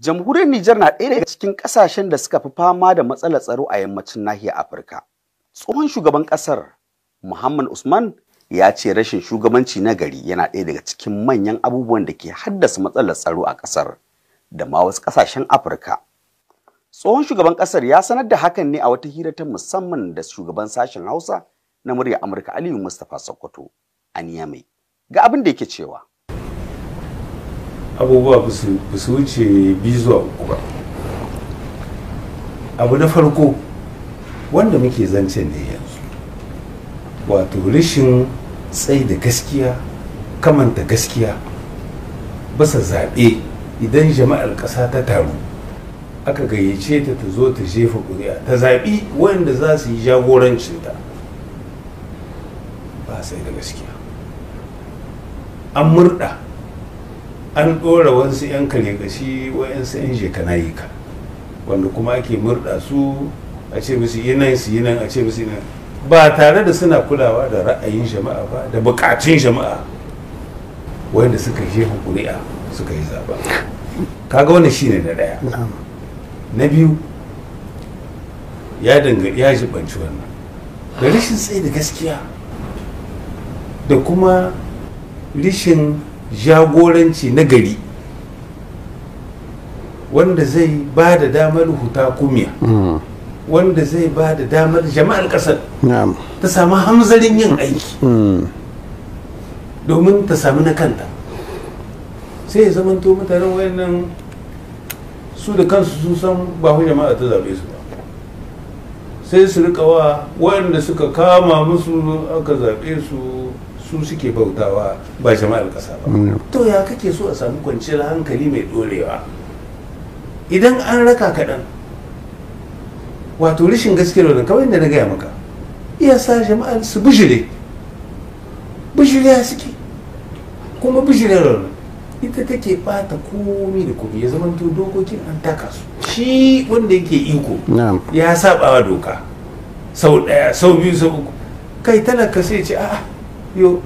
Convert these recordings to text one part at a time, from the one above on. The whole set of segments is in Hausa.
Jamhuriyar Nijar na ɗaya daga cikin ƙasashen da suka fi fama da matsalar tsaro a yammacin nahiyar Afirka. Tsohon shugaban ƙasar Muhammad Usman ya ce rashin shugabanci na gari yana ɗaya daga cikin manyan abubuwan da ke haddasa matsalar tsaro a ƙasar da ma wasu ƙasashen Afirka. Tsohon shugaban ƙasar ya sanar da hakan ne a wata hira ta musamman da shugaban sashen Hausa na murya Amurka Aliyu Mustapha Sokoto a Niamey. Ga abin da yake cewa. abubuwa ba su wuce biyu zuwa uku ba abu na farko wanda muke zancen ne yanzu wato rashin tsaye da gaskiya kamanta gaskiya basa zaɓe idan jama'ar ƙasa ta taru aka gayyace ta ta zo ta jefa ƙuri'a ta zaɓi wanda za su yi jagorancinta ba sai da gaskiya an murɗa an ɗora wasu 'yan kare kashi wa'yansu 'yan ka wanda kuma ake murɗa su a ce musu yi nan su yi nan a ce musu nan ba tare da suna kulawa da ra'ayin jama'a ba da bukatun jama'a wanda suka jefa kuri'a suka yi zaɓa kaga shi ne na ɗaya na biyu ya danga ya jibanci wannan da rashin tsaye da gaskiya da kuma rishin. jagoranci na gari wanda zai ba da damar huta kumiya hmm. wanda zai ba da damar jama'ar kasar ta samu hamzarin yin aiki hmm. domin ta samu na kanta sai ya zamanto mutanen wayannan su da kansu sun san bahu jama'a ta zabe su ba sai su rika wa wayanda suka kama musu aka zaɓe su su suke bautawa ba jama'ar kasa ba mm. to ya kake so a samu kwanciyar hankali mai dorewa idan an raka kaɗan wato rashin gaske wannan kawai da na gaya maka iya sa jama'ar su bijire bijire ya suke kuma bijirar wannan ita take bata komi da komi ya zamanto dokokin an taka su shi wanda yake iko ya sabawa doka sau daya sau biyu sau uku kai tana sai ce a'a yo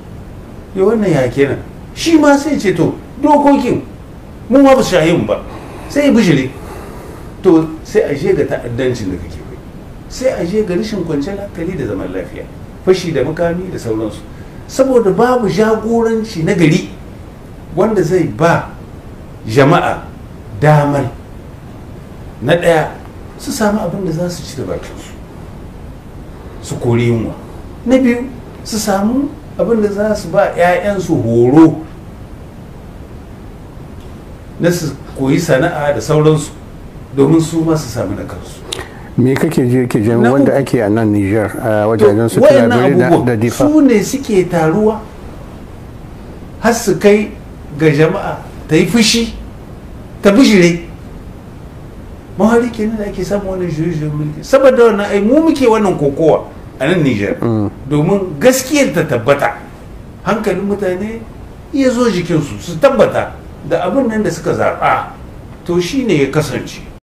wannan ya kenan shi ma sai ce to dokokin mu ma ba su ba sai bijire to sai a ga ta'addancin da kake bai sai a je ga rashin kwanciyar hankali da zaman lafiya fashi da mukami da sauransu saboda babu jagoranci na gari wanda zai ba jama'a damar na ɗaya su samu abin da za su ci da bakinsu su kori yunwa na biyu su samu abinda za su ba 'ya'yansu horo na su koyi sana'a da sauransu domin su ma su sami na kansu me kake je ke jami wanda ake a nan niger a wajajen su tunabiri da difa su ne suke taruwa har su kai ga jama'a ta yi fushi ta bishire mawari kenan da ake samu wannan juye-juyen mulki saboda wannan ai mu muke wannan kokowa a nan Nijar mm. domin gaskiyar ta tabbata hankalin mutane iya zo jikinsu su tabbata da abin nan da suka zaɓa to shi ne ya kasance